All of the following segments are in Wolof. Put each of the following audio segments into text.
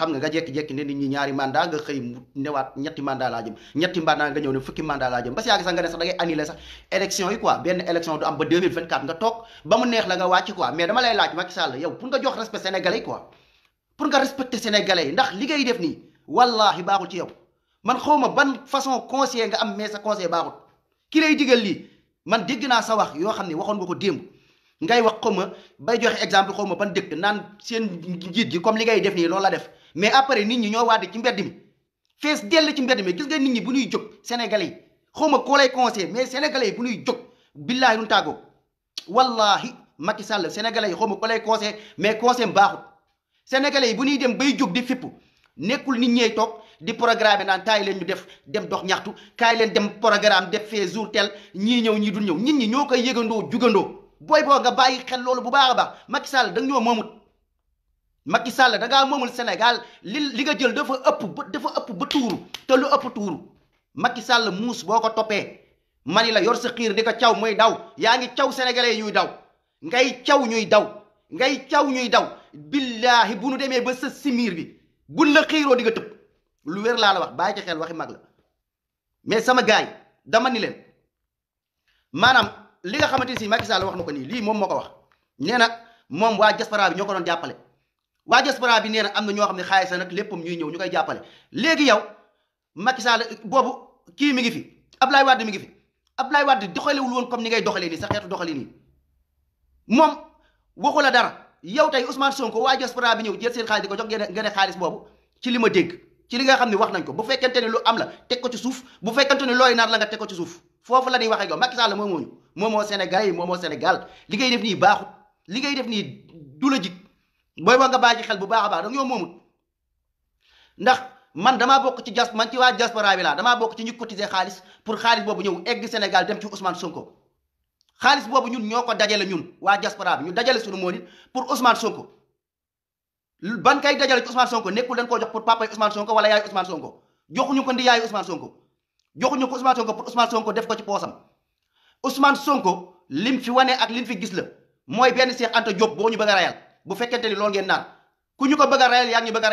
xam nga nga jékki-jékki ne nit ñi ñaari mandat nga xëy mu newaat ñetti mandat laa jëm ñetti mandat nga ñëw ne fukki mandat laa jëm ba si yàgg sax nga ne sax da ngay annuler sax élection yi quoi benn élection du am ba 2024 nga toog ba mu neex la nga wàcc quoi mais dama lay façon conseiller nga am mais sa conseil baaxul ki lay digal lii man dégg naa sa wax yoo xam ne waxoon nga ko démb ngay wax xaw ma bay jox exemple xaw ma ba dëkk naan seen njiit ji comme li ngay def nii loolu la def mais après nit ñi ñoo waate ci mbedd mi fees dell ci mbedd mi gis nga nit ñi bu ñuy jog sénégalais yi xawma koo lay conseil mais bu ñuy jóg billaahi duñ tàggoo wallaahi Macky Sall sénégalais yi xawma koo lay conseil mais conseil baaxut sénégalais yi bu ñuy dem bay jóg di fipp nekkul nit ñey toog di programme naan kaay leen ñu def dem dox ñaxtu kaay leen dem programme def fee jour tel ñii ñëw ñii du ñëw nit ñi ñoo koy yëgandoo jugandoo booy boo nga bàyyi xel loolu bu baax a baax Macky Sall da nga ñoo moomut Macky Sall da ngaa moomul li li nga jël dafa ëpp dafa ëpp ba tuuru te lu ëpp tuuru Macky Sall muus boo ko toppee mani la yor sa xiir di caw muy daw yaa ngi caw sénégalais ñuy daw ngay caw ñuy daw ngay caw ñuy daw billaahi bu nu demee ba sa simiir bi bun la xiiroo di nga tëb lu wér laa la wax bàyyi ci xel waxi mag la mais sama gaay dama ni leen maanaam li nga xamante ni si Macky wax na ko nii lii moom moo ko wax nee na moom waa diaspora bi ñoo ko doon jàppale. waa diaspora bi nee na am na ñoo xam ne xaalis nag léppam ñuy ñëw ñu koy jàppale léegi yow Macky Sall boobu kii mi ngi fi Ablaye Wade mi ngi fi Ablaye Wade doxalewul woon comme ni ngay doxalee nii sa xeetu doxalee nii moom waxu la dara yow tey Ousmane Sonko waa diaspora bi ñëw jël seen xaalis di ko jox ngeen ne xaalis boobu ci li ma dégg li nga xam ne wax nañ ko bu fekkente ne lu am la teg ko ci suuf bu fekkente ne looy naar la nga teg ko suuf foofu la ñuy waxee yow Macky Sall moomoo ñu moomoo Sénégal yi moomoo Sénégal li ngay def nii baaxut li ngay def nii du la jik booy boo nga ji xel bu baax a baax danga yow man damaa bokk ci jas man ci waa diaspora bi laa damaa bokk ci ñu cotiser xaalis pour xaalis boobu ñëw egg Sénégal dem ci Ousmane Sonko xaalis boobu ñun ñoo ko dajale ñun waa diaspora bi ñu dajale suñu moon it pour Ousmane Sonko ban kay dajale ci Ousmane Sonko nekkul dañ koo jox pour papa yi Ousmane Sonko wala yaayu Ousmane Sonko joxuñu ko ndi yaayu Ousmane Sonko joxuñu ko Ousmane Sonko pour Ousmane Sonko def ko ci poosam Ousmane Sonko lim fi wane ak lim fi gis la mooy benn Cheikh Anta Diop boo ñu bëgg a rayal bu fekkente ni lool ngeen naan ku ñu ko bëgg a rayal yaa ngi ñu a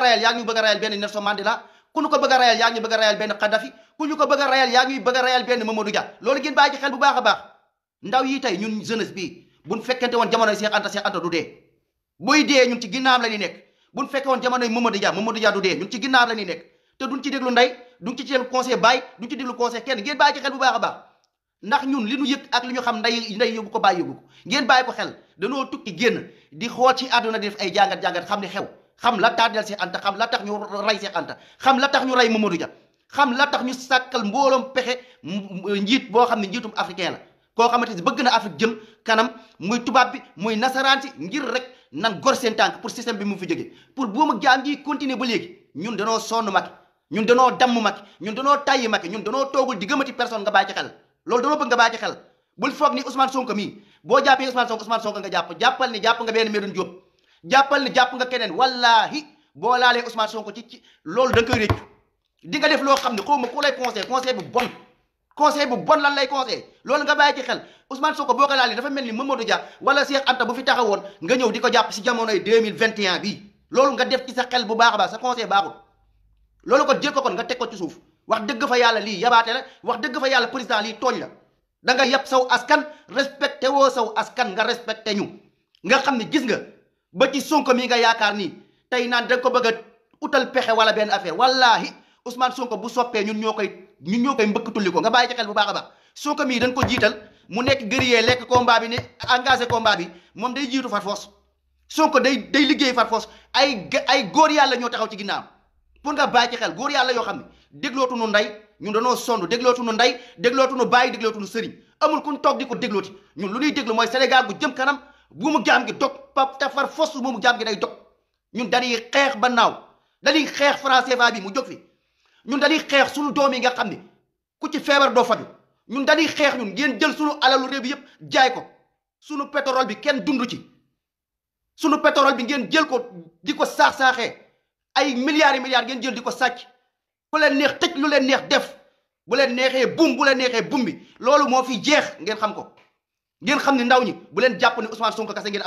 rayal a a rayal benn Nelson Mandela ku ñu ko bëgg a rayal yaa ngi ñu a rayal benn Kadhafi ku ñu ko bëgg a rayal yaa ngi a ngeen bàyyi ci xel bu baax a baax ndaw yi tey ñun jeunesse bii buñ fekkente woon jamonoy Cheikh Anta Cheikh Anta du dee buy dee ñun ci ginnaam la ñuy nekk bu fekke woon jamonoy Mamadou Dia Mamadou Dia du dee ñun ci ginnaam la ñuy nekk te duñ ci déglu ndey duñ ci déglu conseil bàyyi duñ ci déglu conseil kenn ngeen bàyyi ci xel baax baax ndax ñun li ñu yëg ak li ñu xam nday nday yëgu ko bàyyi yëgu ko ngeen bàyyi ko xel danoo tukki génn di xool ci àdduna di def ay jàngat-jàngat xam ne xew xam la tardel Seex Anta xam la tax ñu rey Seex Anta xam la tax ñu rey Mamadou Dia xam la tax ñu sàkkal mbooloom pexe njiit boo xam ne njiitum africain la koo xamante ni bëgg na Afrique jëm kanam muy tubaab bi muy nasaraan si ngir rek nan gor seen tànk pour système bi mu fi jege pour buum ak jaam gi ba léegi ñun danoo sonn Macky ñun danoo damm ma ñun danoo tàyyi Macky ñun danoo toogul di gëmati personne nga bàyyi xel loolu dama bëgg nga bàyyi ci xel bul foog ni Ousmane Sonko mii boo jàppee Ousmane Sonko Ousmane Sonko nga jàpp jàppal ni jàpp nga benn Medoune Diop jàppal jàpp nga keneen wallaahi boo laalee Ousmane Sonko ci loolu da nga nga def loo xam ne xaw ma ku lay conseil conseil bu bon conseil bu bon lan lay conseil loolu nga bàyyi ci xel Ousmane Sonko boo ko laalee dafa mel ni Mamadou Dia wala Cheikh Anta bu fi taxawoon nga ñëw di ko jàpp si jamonoy 2021 bii loolu nga def ci sa xel bu baax a baax sa conseil loolu ko jël ko kon nga teg ko ci wax dëgg fa yàlla lii yabaate la wax dëgg fa yàlla président lii tooñ la da nga yab saw askan respecté woo saw askan nga respecté ñu nga xam ne gis nga ba ci Sonko mii nga yaakaar nii tey naan da ko bëgg a utal pexe wala benn affaire wallaahi Ousmane Sonko bu soppee ñun ñoo koy ñun ñoo koy mbëkk tulli ko nga bàyyi ci xel bu baax a baax Sonko mii dañ ko jiital mu nekk guerrier lekk combat bi ne engagé combat bi moom day jiitu far force Sonko day day liggéey far force ay ay góor yàlla ñoo taxaw ci ginnaaw pour nga bàyyi xel góor yàlla yoo xam ne déglootuñu nday ñun dañoo sonn déglootuñu nday déglootuñu bàyyi déglootuñu sëriñ amul ku ñu toog di ko déglooti ñun lu ñuy déglu mooy Sénégal bu jëm kanam bu mu jaam gi dog pa tafar fos bu mu jaam gi day dog ñun dañuy xeex ba naaw dañuy xeex franc CFA bi mu jóg fi ñun dañuy xeex suñu doom yi nga xam ni ku ci feebar doo faju ñun dañuy xeex ñun ngeen jël suñu alalu réew bi yëpp jaay ko suñu pétrole bi kenn dundu ci suñu pétrole bi ngeen jël ko di ko saax-saaxee ay milliards et milliards ngeen jël di ko sàcc ku leen neex tëj lu leen neex def bu leen neexee bum bu leen neexee bum bi loolu moo fi jeex ngeen xam ko ngeen xam ni ndaw ñi bu leen jàpp ne Ousmane Sonko kese ngeen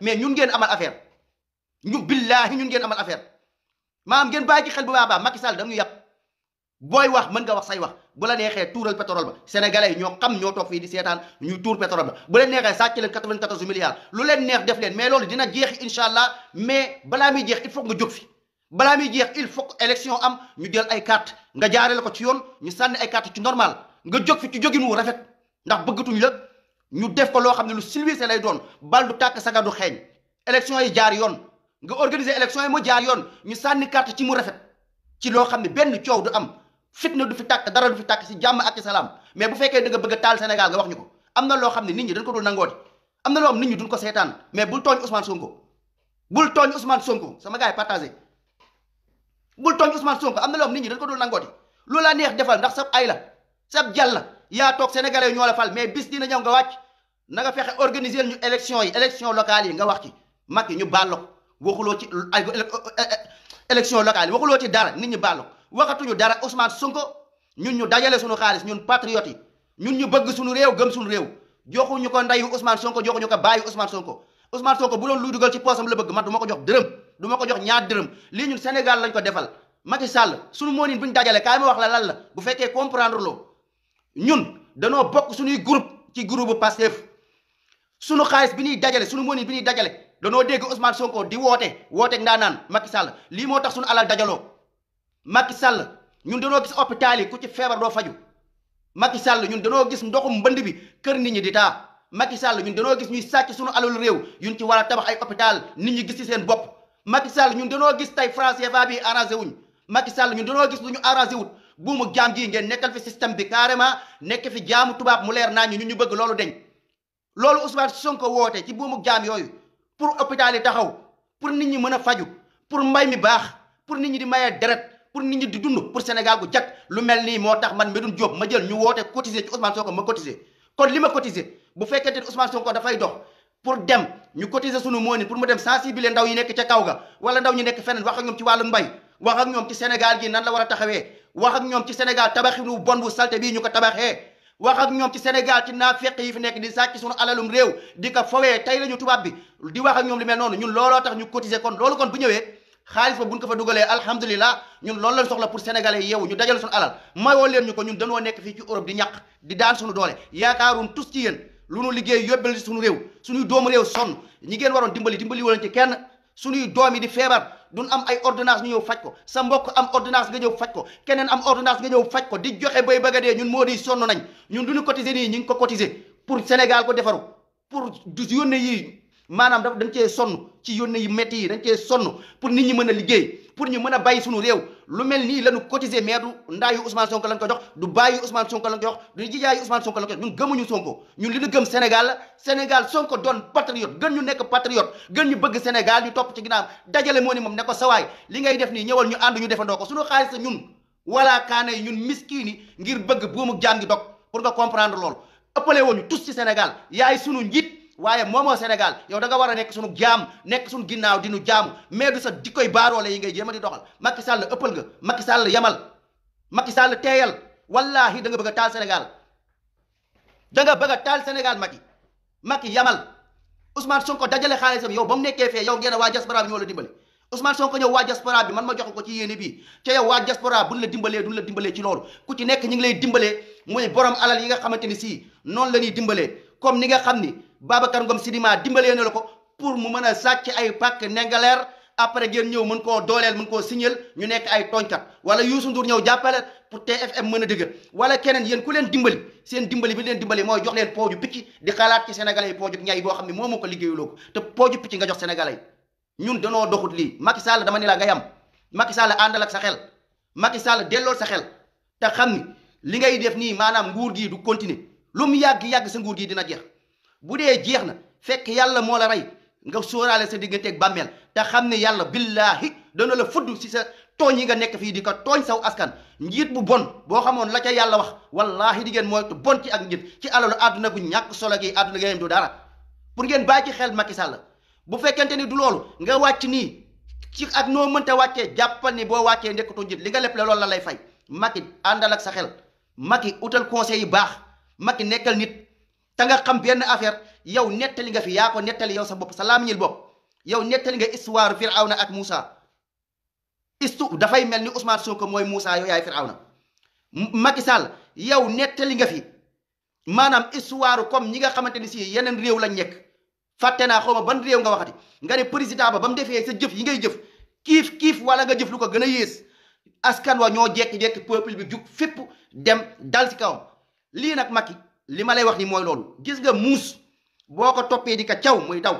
mais ñun ngeen amal affaire ñu billaahi ñun ngeen amal affaire maam ngeen bàyyi ci xel bu baax a baax Macky Sall da nga ñu yàpp booy wax mën nga wax say wax bu la neexee tuural pétrole ba sénégalais ñoo xam ñoo toog fii di seetaan ñuy tuur pétrole ba bu leen neexee sàcc leen 94 milliards lu leen neex def leen mais loolu dina jeex incha allah mais balaa muy jeex il faut nga jóg fi balaa mi jeex il faut élection am ñu jël ay carte nga jaaree ko ci yoon ñu sànni ay carte ci normal nga jóg fi ci jógin wu rafet ndax bëggatuñ la ñu def ko loo xam ne lu civilisé lay doon bal du tàkk sagar du xeeñ élection yi jaar yoon nga organiser élection yi mu jaar yoon ñu sànni carte ci mu rafet ci loo xam ne benn coow du am fitna du fi tàkk dara du fi tàkk si jàmm ak salaam mais bu fekkee da nga bëgg taal Sénégal nga wax ñu ko am na loo xam ne nit ñi ko dul nangooti am na loo xam nit ko seetaan mais bul tooñ Ousmane Sonko bul tooñ Ousmane Sonko sama gars partagé bul tooñ Ousmane Sonko am na loo xam nit ñi dañ ko dul nangooti lu la neex defal ndax sab ay la sab jàll la yaa toog sénégal yi ñoo la fal mais bis dina ñëw nga wàcc na nga fexe ñu élection yi élection locale yi nga wax ci mag yi ñu bàlloo waxuloo ci ay élection locale yi waxuloo ci dara nit ñi bàlloo waxatuñu dara Ousmane Sonko ñun ñu dajale sunu xaalis ñun patriotes yi ñun ñu bëgg suñu réew gëm suñu réew joxuñu ko ndeyu Ousmane Sonko joxuñu ko baayu Ousmane Sonko Ousmane Sonko bu doon lu dugal ci poosam la bëgg man du ma ko jox dërëm du ma ko jox ñaar dërëm lii ñun Sénégal lañ ko defal Macky Sall suñu moonin bu ñu dajale kaay ma wax la lan la bu fekkee comprendre loo ñun danoo bokk suñuy groupe ci groupe bu Pastef suñu xaalis bi ñuy dajale suñu moonin bi ñuy dajale danoo dégg Ousmane Sonko di woote woote naan Macky Sall lii moo tax suñu alal dajaloo Macky Sall ñun danoo gis hôpital yi ku ci feebar doo faju Macky Sall ñun danoo gis ndoxum mbënd bi kër nit ñi di taa Macky Sall ñun dañoo gis ñuy sàcc suñu alalu réew yuñ ci war a tabax ay hôpital nit ñi gis ci seen bopp Macky Sall ñun dañoo gis tey franc CFA bi arrangé wuñ Macky Sall ñun dañoo gis lu ñu arrangé wut buumu jaam gii ngeen nekkal fi système bi carrément nekk fi jaamu tubaab mu leer naa ñu ñu bëgg loolu deñ loolu soo ko wootee ci buumu jaam yooyu pour hôpital yi taxaw pour nit ñi mën a faju pour mbay mi baax pour nit ñi di mayee deret pour nit ñi di dund pour Sénégal gu jag lu mel nii moo tax man Medoune Diop ma jël ñu woote cotiser ci Ousmane ma cotiser kon li ma cotiser bu fekkente ni Ousmane Sonko dafay dox pour dem ñu cotiser sunu moo ni pour mu dem sensibiliser ndaw yi nekk ca kaw ga wala ndaw ñi nekk feneen wax ak ñoom ci wàllu mbay wax ak ñoom ci Sénégal gi nan la war a taxawee wax ak ñoom ci Sénégal tabaxinu bon bu salte bii ñu ko tabaxee wax ak ñoom ci Sénégal ci naafeq yi fi nekk di sàcc sunu alalum réew di ko fowee tey la ñu tubaab bi di wax ak ñoom li mel noonu ñun looloo tax ñu cotiser kon loolu kon bu ñëwee xaalis ba buñ ko fa dugalee alhamdulilah ñun loolu lañ soxla pour sénégalais yeewu ñu dajal suñu alal mayoo leen ñu ko ñun dañoo nekk fii ci Europe di di daan suñu doole yaakaaruñ tus yéen lu nu liggéey yóbbal suñu réew suñuy doomu réew sonn ñi ngeen waroon dimbali dimbali wala ci kenn suñuy doom yi di feebar duñ am ay ordonnance ñu ñëw faj ko sa mbokk am ordonnance nga ñëw faj ko keneen am ordonnance nga ñëw faj ko di joxe bay bëgg dee ñun moo di sonn nañ ñun du ñu cotiser nii ñu ngi ko cotiser pour Sénégal ko defaru pour du yónne yi maanaam daf dañ cee sonn ci yónne yi métti yi dañ cee sonn pour nit ñi mën a liggéey pour ñu mën a bay suñu réew lu mel nii lañu cotiser mais du ndaayu Ousmane Sonko lañ ko jox du bàyyi Ousmane Sonko lañ ko jox du jijaayi Ousmane Sonko lañ ko jox ñun gëmuñu Sonko ñun li ñu gëm Sénégal la Sénégal Sonko doon patriote gën ñu nekk patriote gën ñu bëgg Sénégal ñu topp ci ginnaaw dajale moo ni moom ne ko sawaay li ngay def nii ñëwal ñu ànd ñu defandoo ko suñu xaalis sa ñun wala yi ñun miskiini ngir bëgg buumu jaam gi dog pour nga comprendre loolu ëppale woon ñu tous ci Sénégal yaay sunu njiit waaye moomoo Sénégal yow da nga war a nekk sunu jaam nekk sunu ginnaaw di nu jaamu mais du sa di koy baaroole yi ngay jéem a di doxal Macky sàll ëppal nga Macky Sall yamal Macky Sall teeyal wallaahi da nga bëgg a taal Sénégal da nga bëgg a taal Sénégal Macky Macky yamal Ousmane Sonko dajale xaalisam yow ba mu nekkee fee yow ngeen waa diaspora bi ñoo la dimbali Ousmane Sonko ñëw waa diaspora bi man ma jox ko ci yéene bii ca yow waa diaspora buñ la dimbalee duñ la dimbalee ci loolu ku ci nekk ñu ngi lay dimbalee muy borom alal yi nga xamante ni sii noonu la ñuy dimbalee comme ni nga xam ni Babacar Ngom Sidima dimbalee na la ko pour mu mën a sàcc ay pàkk nengaleer après geen ñëw mën koo dooleel mën koo signal ñu nekk ay tooñkat wala Youssou Ndour ñëw jàppale pour TFM mën a dëgër wala keneen yéen ku leen dimbali seen dimbali bi leen dimbali mooy jox leen pooju picc di xalaat ci sénégalais yi pooju ñaay boo xam ne moo ko liggéeyuloo ko te pooju picc nga jox sénégalais yi ñun danoo doxut lii Macky Sall dama ni la nga yam Macky Sall àndal ak sa xel Macky Sall dellool sa xel te xam li ngay def nii maanaam nguur gii du continuer lu mu yàgg-yàgg sa nguur gii dina jeex bu dee jeex na fekk yàlla moo la rey nga sóoraale sa digganteeg bàmmeel te xam ne yàlla billaahi dana la fudd si sa tooñ yi nga nekk fii di ko tooñ saw askan njiit bu bon boo xamoon la ca yàlla wax wallaahi di ngeen moytu bon ci ak njiit ci alalu àdduna gu ñàkk solo gi àdduna ngeen du dara pour ngeen bàyyi ci xel Macky Sall bu fekkente ni du loolu nga wàcc nii ci ak noo mënta wàccee jàppal ni boo wàccee nekkatoo njiit li nga lépp la loolu la lay fay Macky àndal ak sa xel Macky utal conseil yu baax Macky nekkal nit te nga xam benn affaire yow nettali nga fi yaa ko nettali yow sa bopp sa laam laamiñil bopp yow nettali nga histoire Firawna ak Moussa istu dafay mel ni Ousmane Sonko mooy Moussa yow yaay Firawna Macky Sall yow nettali nga fi maanaam histoire comme ñi nga xamante ni si yeneen réew lañ nekk fàtte naa xaw ma ban réew nga waxati nga ne président ba ba mu defee sa jëf yi ngay jëf kiif kiif wala nga jëf lu ko gën a yées askan wa ñoo jekki-jekki peuple bi jug fépp dem dal si kawam lii nag li ma lay wax ni mooy loolu gis nga muus boo ko toppee di ka caw muy daw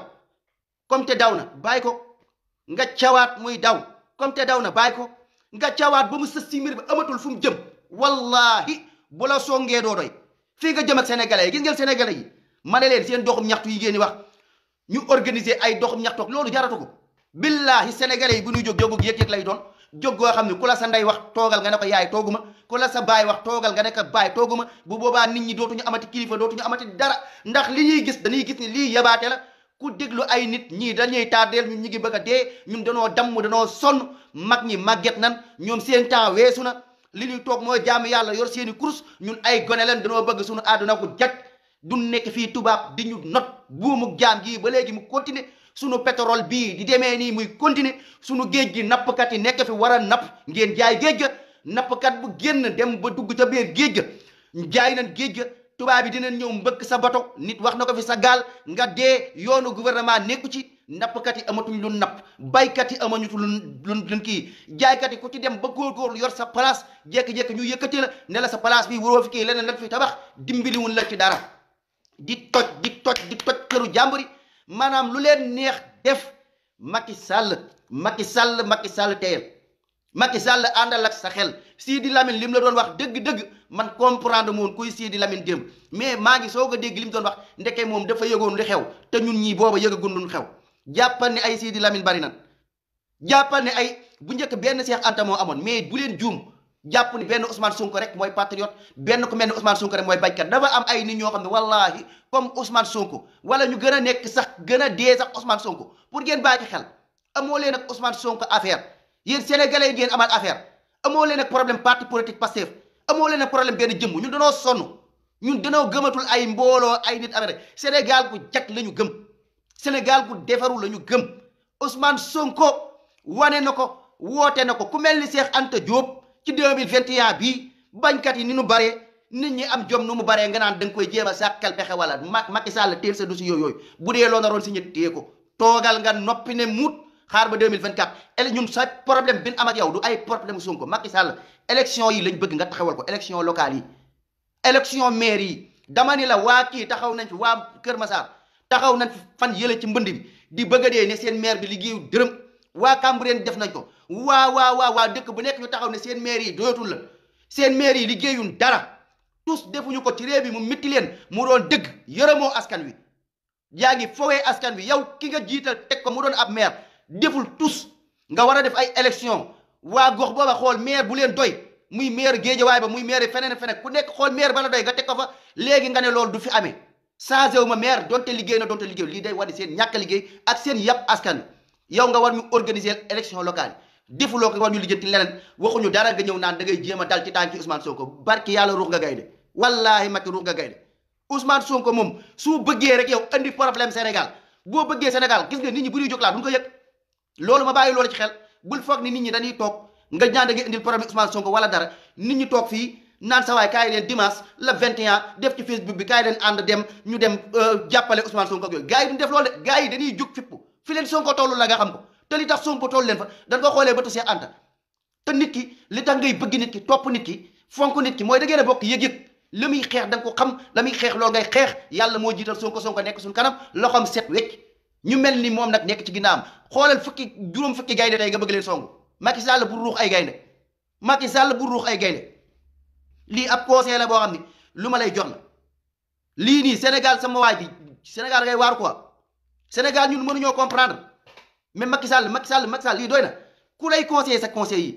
comme te daw na bàyyi ko nga cawaat muy daw comme te daw na bàyyi ko nga cawaat ba mu sës si mbir bi amatul fu mu jëm wallaahi bu la songee doo doy fii nga jëm ak sénégalais yi gis ngeen sénégalais yi ma ne leen seen doxum ñaxtu yi ngeen wax ñu organiser ay doxum ñaxtoog loolu jaratu ko billaahi sénégalais yi bu ñuy jóg jóg yëg-yëg lay doon jóg goo xam ne ku la sa ndey wax toogal nga ne ko yaay tooguma ku la sa baay wax toogal nga ne ko baay tooguma bu boobaa nit ñi dootuñu amati kilifa dootuñu amati dara ndax li ñuy gis dañuy gis ni lii yabaate la ku déglu ay nit ñii dañuy tardeel ñun ñu ngi bëgg a dee ñun danoo damm danoo sonn mag ñi màgget nan ñoom seen temps weesu na li ñuy toog mooy jaamu yàlla yor seeni kurus ñun ay gone leen danoo bëgg suñu àdduna ku jaj du nekk fii tubaab di ñu not buumu jaam gii ba léegi mu continuer sunu pétrole bii di demee nii muy continuer sunu géej gi nappkat yi nekk fi war a napp ngeen jaay géej ga nappkat bu génn dem ba dugg ca biir géej ga jaay nañ géej ga tubaab bi dinañ ñëw mbëkk sa bato nit wax na ko fi sa gaal nga dee yoonu gouvernement nekku ci nappkat yi amatuñ lu napp baykat yi amañutu lu lu kii jaaykat yi ku ci dem ba góorgóorlu yor sa place jékki-jékki ñu yëkkati na ne la sa place bi waroo ki leneen lan fi tabax dimbali la ci dara di toj di toj di toj këru jàmbur yi maanaam lu leen neex def Macky Sall Macky Sall Macky Sall teyal Macky Sall àndal ak sa xel Sidi Lamine li mu la doon wax dëgg-dëgg man comprendre moom kuy Sidi Lamine démb mais maa ngi soog a dégg li mu doon wax ndeke moom dafa yëgoon lu xew te ñun ñii booba yëgagun lu xew jàppal ne ay Sidi Lamine bari na jàppal ne ay bu njëkk benn Cheikh Anta moo amoon mais bu leen juum. jàpp ni benn Ousmane Sonko rek mooy patriote benn ku mel ni Ousmane Sonko rek mooy bañkat dafa am ay nit ñoo xam ne wallaahi comme Ousmane Sonko wala ñu gën a nekk sax gën a dee sax Ousmane Sonko pour ngeen bàyyi ci xel amoo leen ak Ousmane Sonko affaire yéen sénégalais yi ngeen amal affaire amoo leen ak problème parti politique Pastef amoo leen ak problème benn jëmm ñun danoo sonn ñun danoo gëmatul ay mbooloo ay nit amee rek Sénégal gu jag la ñu gëm Sénégal gu defaru la ñu gëm Ousmane Sonko wane na ko woote na ko ku mel ni Cheikh Anta Diop. ci 2021 bii bañkat yi ni nu baree nit ñi am jom nu mu bare nga naan da nga koy jéem a sàkkal pexe wala Macky Sall teel sa du si yooyu bu dee loo naroon si ñett téye toogal nga noppi ne muut xaar ba 2024 ele ñun sa problème bi ñu am ak yow du ay problème Sonko Macky yi lañ bëgg nga taxawal ko élection locale yi élection maire yi dama ni la waa kii taxaw nañ fi waa Kër Massar taxaw nañ fan yële ci mbënd bi di bëgg dee ne seen maire bi liggéeyu dërëm waa Cambérène def nañ ko waa waa waa dëkk bu nekk ñu taxaw ne seen maire yi dootul la seen maire yi liggéeyuñ dara tous defuñu ko ci réew mi mu mitti leen mu doon dëgg yërëmoo askan wi yaa ngi fowee askan wi yow ki nga jiital teg ko mu doon ab maire deful tous nga war a def ay election waa gox booba xool maire bu leen doy muy maire géejawaay ba muy maire feneen feneen ku nekk xool maire bala la doy nga teg ko fa léegi nga ne lool du fi amee changé wu ma maire donte liggéey na donte liggéey lii day wane seen ñàkk liggéey ak seen yàpp askan wi yow nga war ñu organiser élection locale defuloo ko war ñu lijjanti leneen waxuñu dara nga ñëw naan dangay jéema jéem a dal ci tànki Ousmane Sonko barki yàlla ruux nga gaynde wallaahi Macky ruux nga gaynde Ousmane moom su bëggee rek yow andi problème Sénégal boo bëggee Sénégal gis nga nit ñi bu ñuy jóg laa duñ ko yëg loolu ma bàyyi loolu ci xel bul foog ni nit ñi dañuy toog nga ñaan da ngay indil problème wala dara nit ñi toog fii naan sa waay kaay leen dimanche le def ci Facebook bi kaay ànd dem ñu dem euh, jàppale Ousmane Sonko ak yooyu gars yi def loolu de gars yi dañuy jóg fippu fi leen Sonko tollu la nga xam ko te li tax Sonko toll leen fa dañ ko xoolee ba tu see te nit ki li tax ngay bëgg nit ki topp nit ki fonk nit ki mooy da ngeen a bokk yëg-yëg li xeex da nga xam la muy xeex ngay xeex yàlla moo jiital Sonko Sonko nekk suñu kanam loxoom set wecc ñu mel ni moom nag nekk ci am xoolal fukki juróom fukki gaynde tey nga bëgg leen songu Macky Sall bu ruux ay gaynde Macky Sall bu ruux ay gaynde lii ab conseil la boo xam ni lu ma lay jox la lii nii Sénégal sama waay bi Sénégal ngay waar quoi Sénégal ñun mënuñoo comprendre mais Macky Sall Macky Sall Macky Sall lii doy na ku lay conseiller sa conseil yi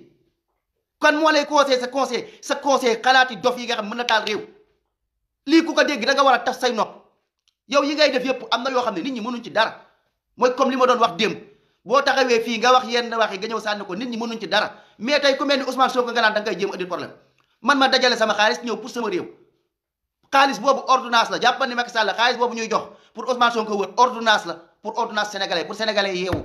kan moo lay conseiller sa conseil sa conseil xalaati dof yi nga xam mën na taal réew lii ku ko dégg da nga war a tas say nopp yow yi ngay def yëpp am na yoo xam ne nit ñi mënuñ ci dara mooy comme li ma doon wax démb boo taxawee fii nga wax yenn wax yi nga ñëw sànni ko nit ñi mënuñ ci dara mais tey ku mel ni Ousmane Sonko nga naan da nga koy jéem indi problème ma dajale sama xaalis ñëw pour sama réew xaalis boobu ordonnance la jàppal ni Macky xaalis boobu ñuy jox pour Ousmane Sonko wër la pour ordonnance sénégalais pour sénégalais yeewu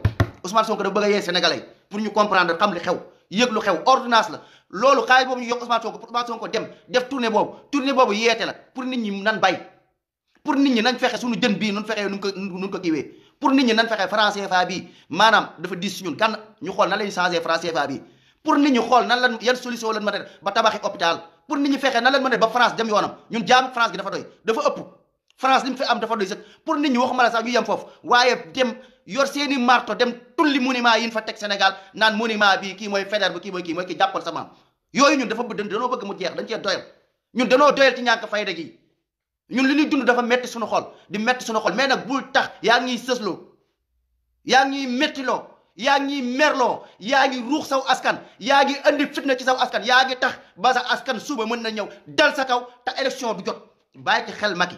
Ousmane Sonko dafa bëgg a yee sénégalais pour ñu comprendre xam li xew yëg lu xew ordonnance la loolu xaalis boobu ñu yokk Ousmane Sonko pour Ousmane Sonko dem def tournée boobu tournée boobu yeete la pour nit ñi nan bay pour nit ñi nañ fexe suñu jën bii nun fexee nun ko nun ko kiiwee pour nit ñi nañ fexe franc CFA bii maanaam dafa diis si ñun kan ñu xool nan lañu changé franc CFA bii pour nit ñi xool nan lan yan solution lan mën a def ba tabaxi hôpital pour nit ñi fexe nan lan mën a def ba France dem yoonam ñun jaam France gi dafa doy dafa ëpp France li mu fi am dafa doy sax pour nit ñu waxuma la sax ñu yem foofu waaye dem yor seeni marto dem tulli monument yi ñu fa teg Sénégal naan monument bi kii mooy Faidherbe kii mooy kii mooy ki jàppal sa maam yooyu ñun dafa danoo bëgg mu jeex dañ cee doyal ñun danoo doyal ci ñàkk fayda gi ñun li ñuy dund dafa metti suñu xol di metti suñu xol mais nag bul tax yaa ngi sësloo yaa ngi mettiloo yaa ngi merloo yaa ngi ruux saw askan yaa ngi andi fitna ci saw askan yaa ngi tax ba sa askan suba mën na ñëw dal sa kaw te élection bi jot bàyyi ci xel Macky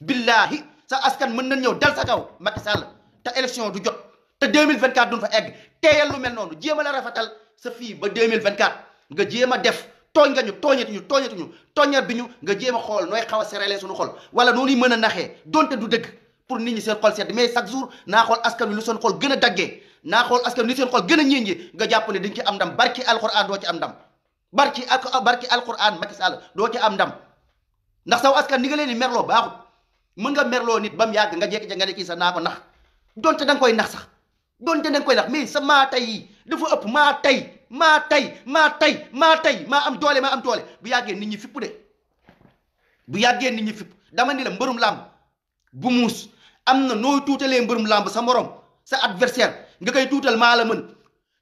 billahi sa askan mën nañ ñëw dal sa kaw Macky Sall te élection du jot te 2024 duñ fa egg teeyal lu mel noonu jéem a la rafetal sa fii ba 2024 nga jéem a def tooñ nga ñu tooñatuñu tooñatuñu tooñat bi ñu nga jéem a xool nooy xaw a serale suñu xol wala noonu mën a naxee donte du dëgg pour nit ñi seen xol sedd mais chaque jour naa xool askan wi lu seen xol gën a daggee naa xool askan wi lu seen xol gën a ñéngi nga jàpp ne dañ ci am ndam barki alquran doo ci am ndam barki ak barki alquran Macky Sall doo ci am ndam ndax saw askan ni nga leen di merloo baaxut mën nga merloo nit ba mu yàgg nga jékki-jékki nga ne kii sax naa ko nax donte da koy nax sax doon da nga koy nax mais sa maa tey yi dafa ëpp maa tey maa tey maa tey maa tey maa am doole maa am doole bu yàggee nit ñi fippu de bu yàggee nit ñi fipp dama ni la mbërum làmb bu muus am na nooy tuutalee mbërum làmb sa morom sa adversaire nga koy tuutal maa la mën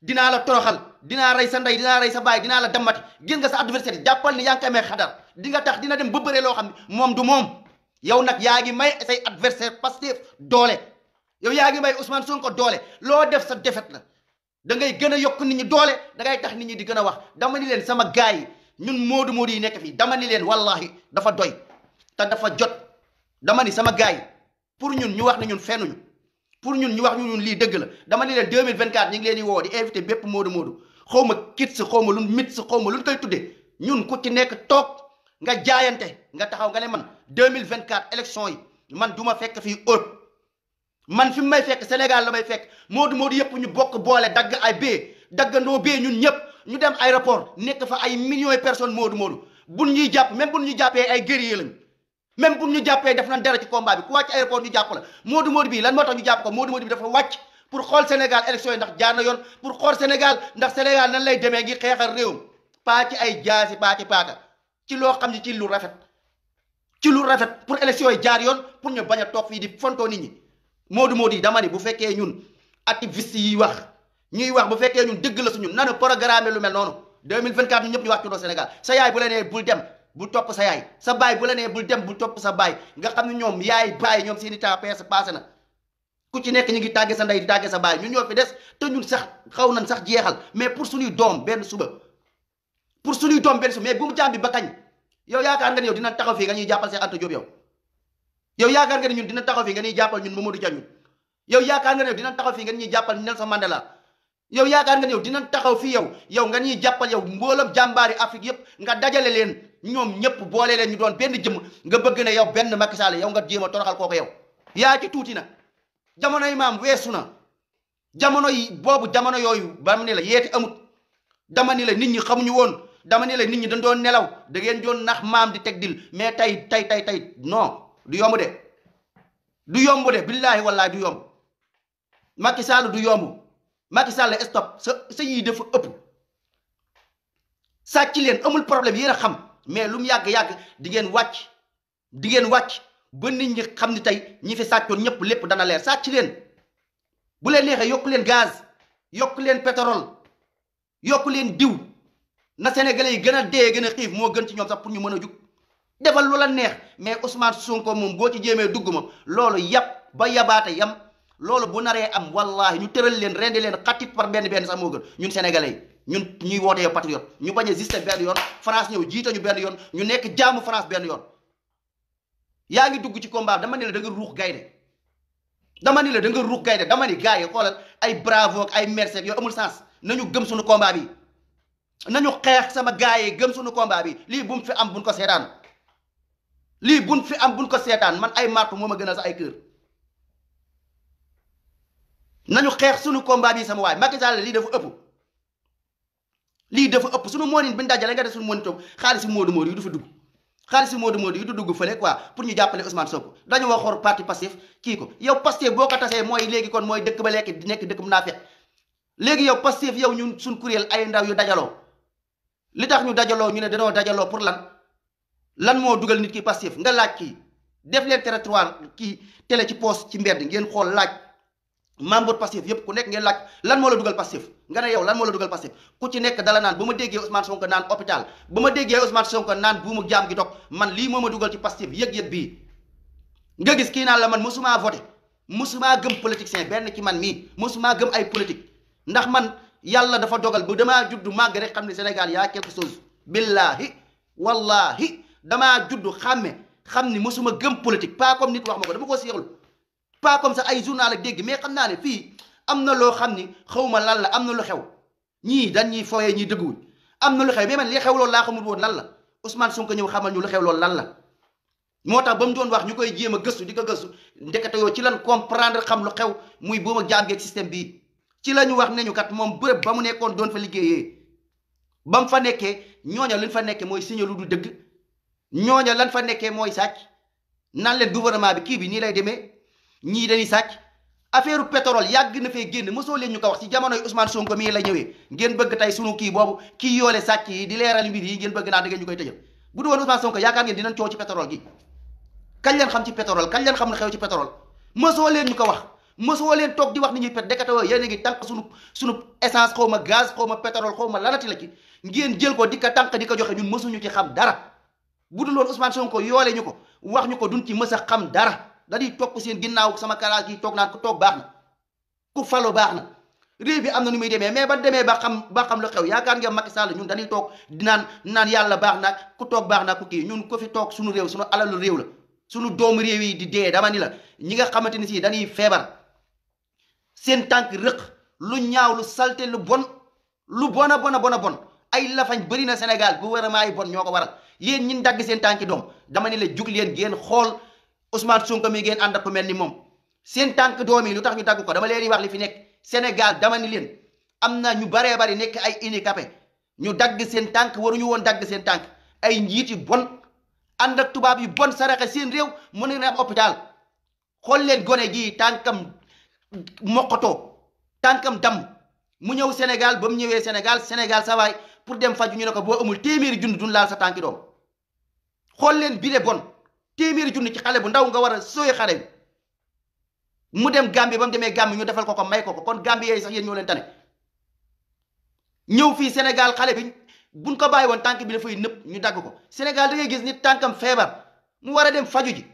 dinaa la toroxal dinaa rey sa ndey dinaa rey sa baay dinaa la dammati gis ga sa adversaire jàppal ni yaa ngi koy di nga dina dem ba bëre loo xam ne moom du moom yow nag yaa ngi may say adversaire Pastef doole yow yaa ngi may Ousmane ko doole loo def sa defet la da ngay gën a yokk nit ñi doole dangay tax nit ñi di gën a wax dama ni leen sama gaay yi ñun moodu moodu yi nekk fii dama ni leen wallahi dafa doy te dafa jot dama ni sama gaay yi pour ñun ñu wax ne ñun fenuñu pour ñun ñu wax ñu ñun lii dëgg la dama ni leen 2024 ñu ngi leen di woo di invité bépp moodu moodu xaw ma kit si xaw ma lu mit si xaw ma lu koy tuddee ñun ku ci nekk toog nga jaayante nga taxaw nga ne man deux 2024 élection yi man duma ma fekk fii Europe man fi mu may fekk Sénégal la may fekk moodu Modou yëpp ñu bokk boole dagg ay bee daggandoo bee ñun ñëpp ñu dem aéroport nekk fa ay millions de personnes Modou Modou bu ñuy jàpp même buñ ñu jàppee ay guerrier lañ même buñ ñu jàppee def nañ dara ci ku wàcc aéroport ñu jàpp la Modou Modou bii lan moo tax ñu jàpp ko Modou Modou bi dafa wàcc pour xool Sénégal élection yi ndax jaar na yoon pour xool Sénégal ndax Sénégal nan lay demee ngi xeexal réewam paa ci ay jaasi paa ci ci loo xam ne ci lu rafet ci lu rafet pour élection yi jaar yoon pour ñu bañ a toog fii di fontoo nit ñi moodu moodu yi dama ni bu fekkee ñun activiste yi wax ñuy wax bu fekkee ñun dëgg la suñu nanu programme lu mel noonu 2024 ñu ñëpp ñu wax ci doo sa yaay bu la nee bul dem bul topp sa yaay sa baay bu la nee bul dem bu topp sa baay nga xam ne ñoom yaay baay ñoom seen i temps passé na ku ci nekk ñu ngi tàggee sa ndey di tàggee sa baay ñun ñoo fi des te ñun sax xaw nañ sax jeexal mais pour suñuy doom benn suba pour suñuy doom benn su mais bu mu bi ba kañ yow yaakaar nga ne yow dina taxaw fi nga ñuy jàppal Cheikh Anta Diop yow yow yaakaar nga ne ñun dina taxaw fii nga ñuy jàppal ñun Mamadou Dia ñun yow yaakaar nga ne yow dina taxaw fii nga ñuy jàppal Nelson Mandela yow yaakaar nga ne yow dina taxaw fii yow yow nga ñuy jàppal yow mboolam jàmbaari Afrique yëpp nga dajale leen ñoom ñëpp boole leen ñu doon benn jëmm nga bëgg ne yow benn Macky Sall yow nga jéem a toroxal kooku yow yaa ci tuuti na jamonoy maam weesu na jamono yi boobu jamono yooyu ba mu ne la yeete amut dama ni la nit ñi xamuñu woon dama ne la nit ñi dañ doon nelaw da ngeen doon nax maam di teg dil mais tey tey tey tey non du yomb de du yomb de billaahi wallaahi du yomb Macky Sall du yomb Macky Sall stop sa sa yii dafa ëpp sàcc leen amul problème yéen a xam mais lu yàgg-yàgg di ngeen wàcc di ngeen wàcc ba nit ñi xam ni tey ñi fi sàccoon ñëpp lépp dana leer sàcc leen bu leen neexee yokk leen gaz yokk leen pétrole yokk leen diw na sénégalais yi gën a dee gën a xiif moo gën ci ñoom sax pour ñu mën a jug defal lu la neex mais Ousmane Sonko moom goo ci jéemee dugg ma loolu yàpp ba yabaate yam loolu bu naree am wallahi ñu tëral leen rendi leen xatit par benn benn sax moo gën ñun sénégale yi ñun ñuy wootee patriote ñu bañ a giste benn yoon France ñëw jiitañu benn yoon ñu nekk jaamu France benn yoon yaa ngi dugg ci combat dama ne la da nga ruux gaynde dama ni la da nga ruux gaynde dama ni gars xoolal ay bravo ay merci yow amul sens nañu gëm suñu combat bi nañu xeex sama gars yi gëm suñu combat bi lii buñ fi am buñ ko seetaan lii buñ fi am buñ ko seetaan man ay martu moo ma gënal sax ay kër nañu xeex suñu combat bi sama waay Macky Sall lii dafa ëpp lii dafa ëpp suñu moonin bi ñu dajale nga def suñu mooni toog xaalis si Modou Modou yi du fa dugg xaalis si Modou Modou du dugg fële quoi pour ñu jàppale Ousmane Sonko dañu waxoor parti passif kii ko yow Pastef boo ko tasee mooy léegi kon mooy dëkk ba lekk nekk dëkk mu naa fekk léegi yow Pastef yow ñun suñ kuréel ay ndaw yu dajaloo li tax ñu dajaloo ñu ne dañoo dajaloo pour lan lan moo dugal nit ki passif nga laaj kii def leen territoire kii télé ci poste ci mbedd ngeen xool laaj membre passif yépp ku nekk ngeen laaj lan moo la dugal passif nga ne yow lan moo la dugal passif ku ci nekk dala naan ba ma déggee Ousmane Sonko naan hôpital ba ma déggee Ousmane Sonko naan buuma jaam gi dog man lii moo ma dugal ci passif yëg-yëg bii nga gis kii naan la man mosumaa voté mosumaa gëm politicien benn ci man mii mosumaa gëm ay politique ndax man yàlla dafa dogal bu damaa juddu màgg rek xam ne Sénégal yaa quelque chose billahi wallahi damaa juddu xàmme xam ni mosuma gëm politique pas comme nit wax ma ko dama ko seexlu pas comme sax ay journal ak dégg mais xam naa ne fii am na loo xam ni xawma lan la am na lu xew ñii dañ ñuy fooyee ñuy dëgguwuñ am na lu xew mais man li xew loolu laa xamul woon lan la Ousmane Sonko ñëw xamal ñu lu xew loolu lan la moo tax ba mu doon wax ñu koy jéem a gëstu di ko gëstu ndekete ci lan comprendre xam lu xew muy boom ak jaam geeg bii ci la ñu wax ne ñu kat moom bërëb ba mu nekkoon doon fa liggéeyee ba mu fa nekkee ñooña luñ fa nekkee mooy signé lu du dëgg ñooña lan fa nekkee mooy sàcc nan leen gouvernement bi kii bi nii lay demee ñii dañuy sàcc affaire pétrole yàgg na fee génn mosoo leen ñu ko wax ci jamonoy Ousmane Sonko mii la ñëwee ngeen bëgg tey sunu kii boobu kii yoole sàcc yi di leeral mbir yi ngeen bëgg naa da ngeen ñu koy tëjal bu du woon yaakaar ngeen dinañ coow ci pétrole gi kañ leen xam ci pétrole kañ leen xam lu xew ci pétrole mosoo leen ñu ko wax mësoo leen toog di wax ni ñuy pet dekatawoo yéen a ngi tànq sunu sunu essence xaw ma gaz xaw ma pétrole xaw ma lanati la ci ngeen jël ko di ko tànq di ko joxe ñun mësuñu ci xam dara bu dul woon Ousmane Sonko yoole ñu ko wax ñu ko duñ ci mës a xam dara da di topp seen ginnaaw sama kalaas gi toog naan ku toog baax na ku falu baax na réew bi am na nu muy demee mais ba demee ba xam ba xam lu xew yaakaar ngeen Macky Sall ñun dañuy toog dinaan naan yàlla baax naag toog baax naag ku kii ñun ko fi toog suñu réew suñu alalu réew la suñu doomu réew yi di dee dama ni la ñi nga xamante ni si dañuy feebar seen tànk rëq lu ñaaw lu salte lu bon lu bona bona bona bon ay lafañ bëri na war a yi bon ñoo ko waral yéen ñin dagg seen tànk doom dama ne leen jug leen ngeen xool Ousmane Sonko mi ngeen ànd ak ku mel ni moom seen tànk doom yi lu tax ñu dagg ko dama leen di wax li fi nekk Sénégal dama ni leen am na ñu baree bari nekk ay handicapé ñu dagg seen tànk waruñu woon dagg seen tànk ay njiit bon ànd tubaab yu bon saraxe seen réew mu ne na ab xool leen gone gii tànkam mokkatoo tànkam dam mu ñëw Sénégal ba ñëwee Sénégal Sénégal sa pour dem faju ñu ne boo amul téeméeri junni duñ laal sa tànki doom xool leen bile bon téeméeri junni ci xale bu ndaw nga war a sooy xale bi mu dem Gambie ba mu demee Gambie ñu defal ko ko may ko ko kon Gambie yooyu sax yéen ñoo leen tane ñëw fii Sénégal xale bi buñ ko bàyyi woon tànk bi dafay nëpp ñu dagg ko Sénégal da gis nit tànkam feebar mu war a dem faju ji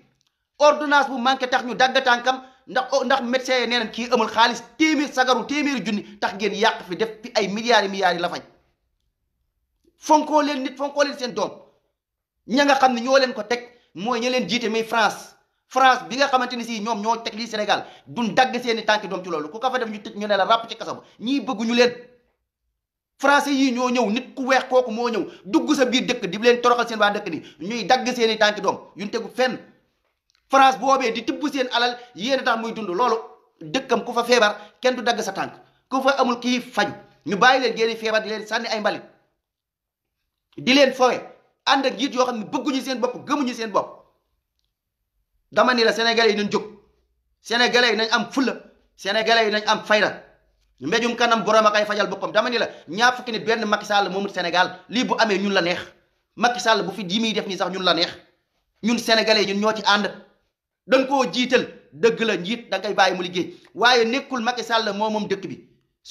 ordonnance bu manqué tax ñu dagg tànkam ndax oh, ndax médecin yi nee kii amul xaalis téeméer sagaru téeméeri junni tax ngeen yàq fi def fi ay milliards milliards yi la faj fonkoo leen nit fonkoo leen seen doom ña nga xam ne ñoo leen ko teg mooy ña leen jiite muy France France bi nga xamante ni si ñoom ñoo teg lii Sénégal duñ dagg seeni tànki doom ci loolu ku ko fa def ñu teg ñu ne la ràpp ci kaso ñii bëgguñu leen français yi ñoo ñëw nit ku weex kooku moo ñëw dugg sa biir dëkk di leen toroxal seen waa dëkk ni ñuy dagg seeni tànki doom yuñ tegu fenn France boobee di tibb seen alal yéen a tax muy dund loolu dëkkam ku fa feebar kenn du dagg sa tànk ku fa amul kii faj ñu bàyyi leen génne feebar di leen sànni ay mbalit di leen fowe ànd ak njiit yoo xam ne bëgguñu seen bopp gëmuñu seen bopp dama ni la sénégalais yi nañ jóg sénégalais yi nañ am fulla sénégalais yi nañ am fayda mbéjum kanam borom ak ay fajal boppam dama ni la ñaar fukki nit benn Macky Sall moomut Sénégal lii bu amee ñun la neex Macky Sall bu fi ji muy def nii sax ñun la neex ñun sénégalais yi ñoo ci ànd. dañ koo jiital dëgg la njiit da ngay bàyyi mu liggéey waaye nekkul Macky sàll moo moom dëkk bi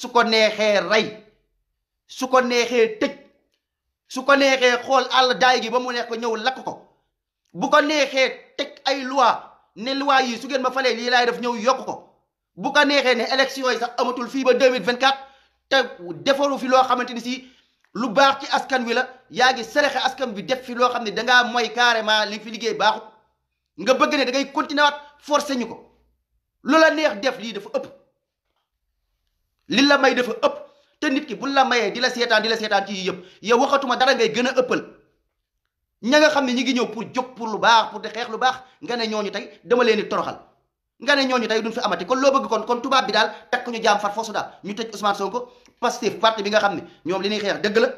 su ko neexee rey su ko neexee tëj su ko neexee xool àll daay gi ba mu nekk ko ñëw lakk ko bu ko neexee teg ay luwaa ne loi yi su ngeen ma falee lii laay def ñëw yokk ko bu ko neexee ne élection yi sax amatul fii ba 2024 te defaru fi loo xamante ni si lu baax ci askan wi la yaa ngi serexe askan bi def fi loo xam ne dangaa mooy carrément li fi liggéey baaxut nga bëgg ne da ngay continuer waat forcé ko lu la neex def lii dafa ëpp li la may dafa ëpp te nit ki bu la mayee di la seetaan di la seetaan ci yii yëpp yow waxatuma dara ngay gën ëppal ña nga xam ni ñu ngi ñëw pour jóg pour lu baax pour di xeex lu baax nga ne ñooñu tey dama leen di toroxal nga ne ñooñu tey duñ fi amati kon loo bëgg kon kon tubaab bi daal takk ñu jaam far foosu daal ñu tëj Ousmane Sonko Pastef parti bi nga xam ne ñoom li ñuy xeex dëgg la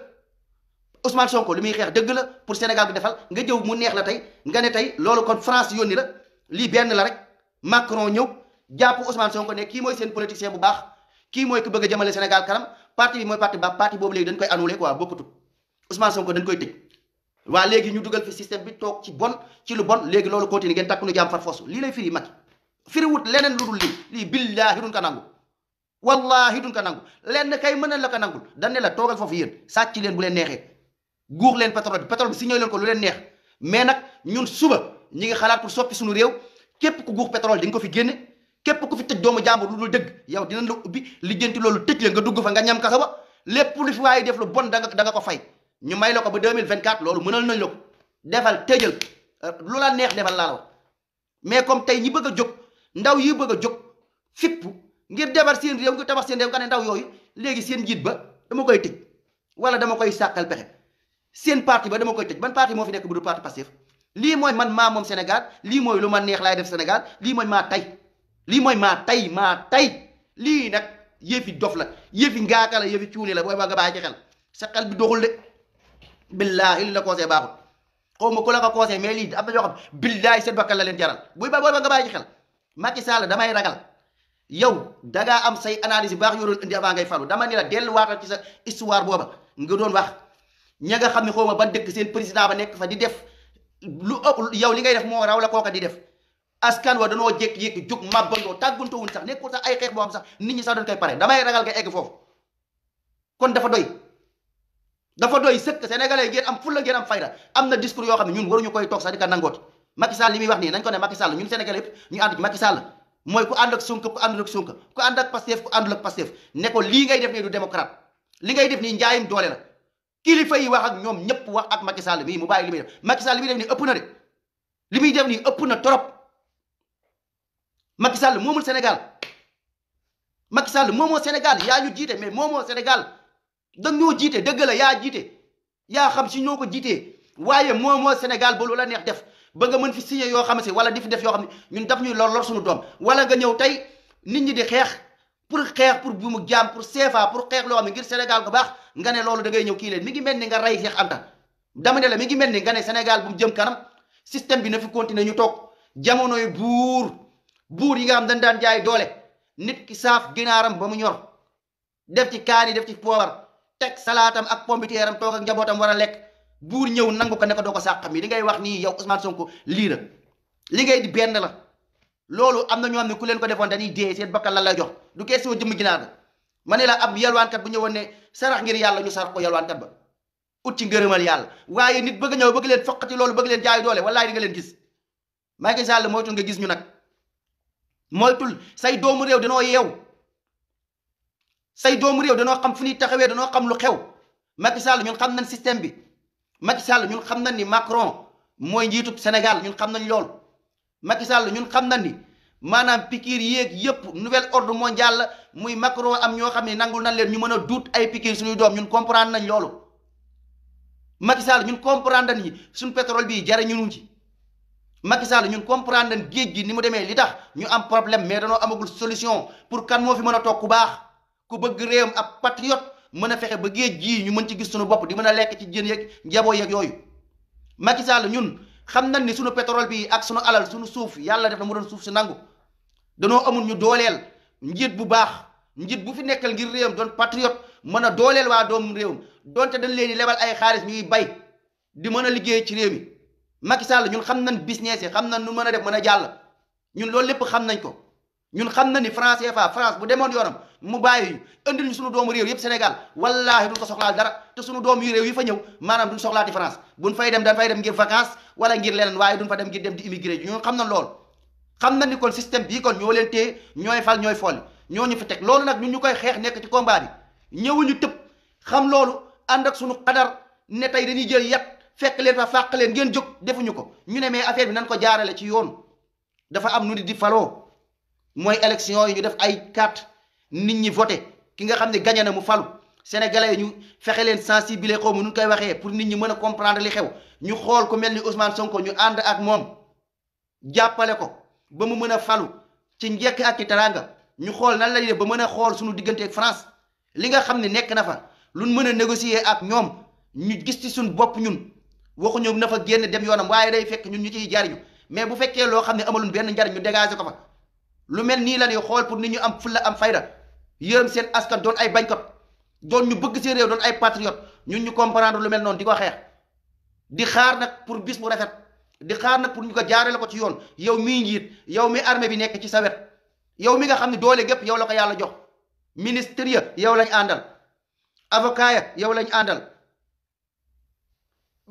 Ousmane Sonko li muy xeex dëgg la pour Sénégal bi defal nga jëw mu neex la tey nga ne tey loolu kon France yónni la lii benn la rek Macron ñëw jàpp Ousmane Sonko ne kii mooy seen politicien bu baax kii mooy ku bëgg a jëmale Sénégal kanam parti bi mooy parti ba parti boobu léegi dañ koy annulé quoi bokkutut Ousmane Sonko dañ koy tëj waa léegi ñu dugal fi système bi toog ci bon ci lu bon léegi loolu continue ngeen takku nu jaam far foosu lii lay firi mag firiwut leneen lu dul lii lii billaahi duñ ko nangu wallahi duñ ko nangu lenn kay mën na la ko nangul dañ la toogal foofu yéen sàcc leen bu leen neexee guux leen pétrole bi pétrole bi si ñëw leen ko lu leen neex mais nag ñun suba ñi ngi xalaat pour soppi suñu réew képp ku guux pétrole di nga ko fi génne képp ku fi tëj doomu jàmbur lu dul dëgg yow dina la ubbi lijjanti loolu tëj la nga dugg fa nga ñam kasa ba lépp lu fi waaye def lu bon da nga ko fay ñu may la ko ba 2024 loolu mënal nañ la ko defal tëjal euh, lu laa neex defal laa la mais comme tey ñi bëgg a jóg ndaw yi bëgg a jóg fipp ngir defar seen réew ngir tabax seen ne ndaw yooyu léegi seen njiit ba dama koy tëj wala dama koy sàkkal pexe seen parti ba dama koy tëj ban parti moo fi nekk bu dul parti Pastef lii mooy man maa moom Sénégal lii mooy lu ma neex laay def Sénégal lii mooy maa tay lii mooy maa tay maa tay lii nag yëfi dof la yëfi ngaaka la yëfi cuuni la booy ba nga bàyyi xel sa bi doxul de billaahi li la conseil baaxul xaw ma ku la ko conseil mais am na ñoo xam billaahi seen bakkan leen jaral buy ba booy ba xel Macky Sall damay ragal yow dangaa am say analyse baax yoo doon indi avant ngay falu dama ni la ci sa histoire booba nga doon wax ña nga xam ne xaw ma ban dëkk seen président ba nekk fa di def lu ëpp yow li ngay def moo raw la kooka di def askan wa danoo jékki-jékki jug màbbandoo tàgguntawuñ sax nekkul sax ay xeex boo xam sax nit ñi sax doon koy pare damay ragal nga egg foofu kon dafa doy dafa doy sëkk sénégalais ngeen am fulla ngeen am fayda am na discours yoo xam ne ñun waruñu koy toog sax di nangoot Macky li muy wax nii nañ ko ne Macky Sall ñun sénégalais yëpp ñu ànd ci lii ngay def nii du li ngay def nii njaayum doole la kilifa yi wax ak ñoom ñëpp wax ak Macky Sall mii mu bàyyi li muy def Macky Sall li muy def nii ëpp na li muy def nii ëpp na trop Macky Sall moomul Sénégal Macky Sall moomoo Sénégal yaa ñu jiite mais moomoo senegal da ñoo jiite dëgg la yaa jiite yaa xam si ñoo ko jiitee waaye moomoo Sénégal ba lu la neex def ba nga mën fi signé yoo xam si wala di fi def yoo xam ne ñun daf ñuy lor lor suñu doom wala nga ñëw tey nit ñi di xeex. pour xeex pour bu mu jaam pour CFA pour xeex loo xam ngir Sénégal ko baax nga ne loolu dangay ngay ñëw kii leen mi ngi mel ni nga rey Cheikh Anta dama ne mi ngi mel ni nga ne Sénégal bu mu jëm kanam système bi na fi continuer ñu toog jamonoy buur buur yi nga xam dañ daan jaay doole nit ki saaf ginaaram ba mu ñor def ci kaani def ci poobar teg salaatam ak pombiteeram toog ak njabootam war a lekk buur ñëw nangu ko ne ko doo ko sàqam yi li ngay wax nii yow Ousmane Sonko lii la li di benn la loolu am na ñoo xam leen ko defoon seen bakkan lan la jox du kee sama jëmm ginaar ma ne la ab yalwaankat bu ñëwoon ne sarax ngir yàlla ñu sarax ko yalwaankat ba ut ci ngërëmal yàlla waaye nit bëgg ñëw bëgg leen foq foqati loolu bëgg leen jaay doole wallaay di nga leen gis Macky Sall moytul nga gis ñu nag moytul say doomu réew danoo yeew say doomu réew danoo xam fu ñuy taxawee danoo xam lu xew Macky Sall ñun xam nañ système bi Macky Sall ñun xam nañ ni Macron mooy njiitu Sénégal ñun xam nañ lool Macky Sall ñun xam nañ ni maanaam pikiir yéeg yëpp nouvel ordre mondial la muy Macron am ñoo xam ne nangu nañ leen ñu mën a duut ay pikiir suñuy doom ñun comprendre nañ loolu Macky ñun comprendre nañ suñ pétrole bii jariñu ci Macky ñun comprendre géej gi ni mu demee li tax ñu am problème mais danoo amagul solution pour kan moo fi mën a toog ku baax ku bëgg réewam ab patriote mën a fexe ba géej gii ñu mën ci gis suñu bopp di mën a lekk ci jën yeeg njaboo yeeg yooyu Macky ñun xam nañ ni suñu pétrole bi ak suñu alal suñu suuf yàlla def na mu suuf si nangu danoo amul ñu dooleel njiit bu baax njiit bu fi nekkal ngir réewam doon patriote mën a dooleel waa doomu réewam donte dañ leen di lebal ay xaalis ñuy bay di mën a liggéey ci réew mi Macky Sall ñun xam na nañ business yi xam nañ nu mën a def mën a jàll ñun loolu lépp xam nañ ko ñun xam na ni France CFA France bu demoon yoonam mu bàyyi ñu indil ñu sunu doomu réew yëpp Sénégal wallaahi duñ ko soxlaal dara te sunu doomu réew yi fa ñëw maanaam duñ soxlaati France buñ fay dem dañ fay dem ngir vacances wala ngir leneen waaye duñ fa dem ngir dem di immigré ñun xam na lool xam na ni kon système bii kon ñoo leen tee ñooy fal ñooy fool ñoo ñu fi teg loolu nag ñu ñu koy xeex nekk ci combat bi ñëwuñu tëb xam loolu ànd ak suñu xadar ne tey dañuy jël yat fekk leen fa fàq leen ngeen jóg defuñu ko ñu ne mais affaire bi nan ko jaarale ci yoon dafa am nu di faloo mooy élection yi ñu def ay carte nit ñi voté ki nga xam ne gagné na mu falu sénégalais yi ñu fexe leen sensibiliser xaw ma nu koy waxee pour nit ñi mën a comprendre li xew ñu xool ku mel ni Ousmane Sonko ñu ànd ak moom jàppale ko. ba mu mën a falu ci njekk ak ci teraanga ñu xool nan lañuy def ba mën a xool suñu diggante France li nga xam ne nekk na fa lu mën a négocier ak ñoom ñu gis ci suñu bopp ñun waxuñu na fa génn dem yoonam waaye day fekk ñun ñu ciy jariñu mais bu fekkee loo xam ne amaluñ benn njariñ ñu dégager ko fa lu mel nii la ñuy xool pour nit ñu am fulla am fayda yërëm seen askan doon ay bañkat doon ñu bëgg seen réew doon ay patriote ñun ñu comprendre lu mel noonu di ko di xaar nag pour bis bu rafet di xaar na pour ñu ko jaarale ko ci yoon yow mii njiit yow mi armée bi nekk ci sawet wet yow mi nga xam ne doole gépp yow la ko yàlla jox ministre ya yow lañ àndal avocat ya yow lañ àndal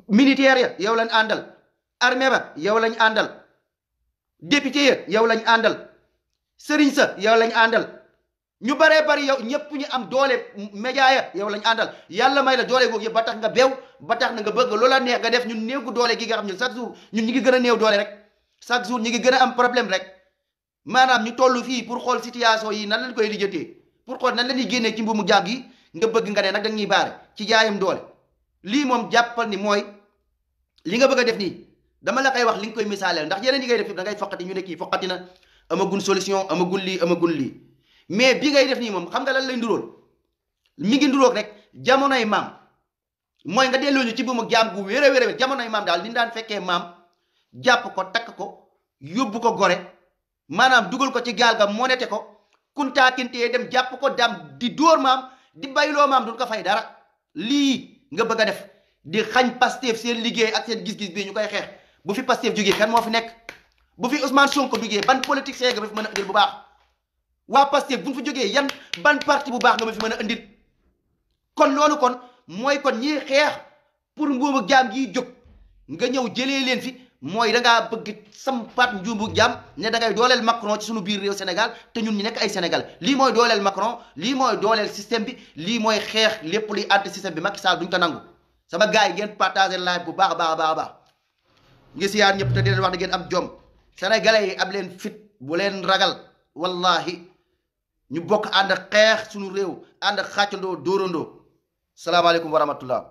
militaire ya yow lañ àndal armée ba yow lañ àndal député ya yow lañ àndal sëriñ sa yow lañ àndal ñu baree bari yow ñëpp ñu am doole média ya yow lañ àndal yàlla may la doole googu yëpp ba tax nga beew ba tax na nga bëgg loola neex nga def ñu néew doole gi nga xam ne chaque jour ñun ñi ngi gën a néew doole rek chaque jour ñi ngi gën a am problème maanaam ñu toll fii pour xool situation yi nan lañ koy lijjatee pour xool nan la ñuy génnee ci mbuumu jàng yi nga bëgg nga ne nag dañuy baare ci jaayam doole lii moom jàppal ni mooy li nga bëgg a def nii dama la koy wax li nga koy misaaleel ndax yeneen yi ngay def da ngay foqati ñu ne kii foqati na amagun solution amagun lii amagun lii mais bi ngay def nii moom xam nga lan lay nduróol mi ngi nduróog rek jamonoy maam mooy nga delloo ci bu mu jaam gu wér a wér jamonoy maam daal liñ daan fekkee maam jàpp ko takk ko yóbbu ko gore maanaam dugal ko ci gaal ga monete ko kuntaakintee dem jàpp ko dam di dóor maam di bayloo maam duñ ko fay dara lii nga bëgg a def di xañ Pastef seen liggéey ak seen gis-gis bii ñu koy xeex bu fi Pastef jógee kan moo fi nekk bu fi Ousmane ko duggee ban politique seega ba fi mën a ëndil bu baax waa Pastef bu ñu fa jógee yan ban parti bu baax nga ma fi mën a indil kon loolu kon mooy kon ñiy xeex pour mbuumu jaam gi jóg nga ñëw jëlee leen fi mooy da ngaa bëgg sampaat njuumu jaam ne da ngay dooleel Macron ci suñu biir réew Sénégal te ñun ñu nekk ay Sénégal lii mooy dooleel Macron lii mooy dooleel système bi lii mooy xeex lépp luy ànd système bi Macky saa duñ ko nangu sama gars yi ngeen partagé live bu baax baax a baax a baax ngi siyaar ñëpp te di leen wax ne ngeen am jom sénégalais yi am leen fit bu leen ragal wallahi ñu bokk ànd xeex suñu réew ànd xàccandoo dóorandoo salaamaaleykum wa rahmatullah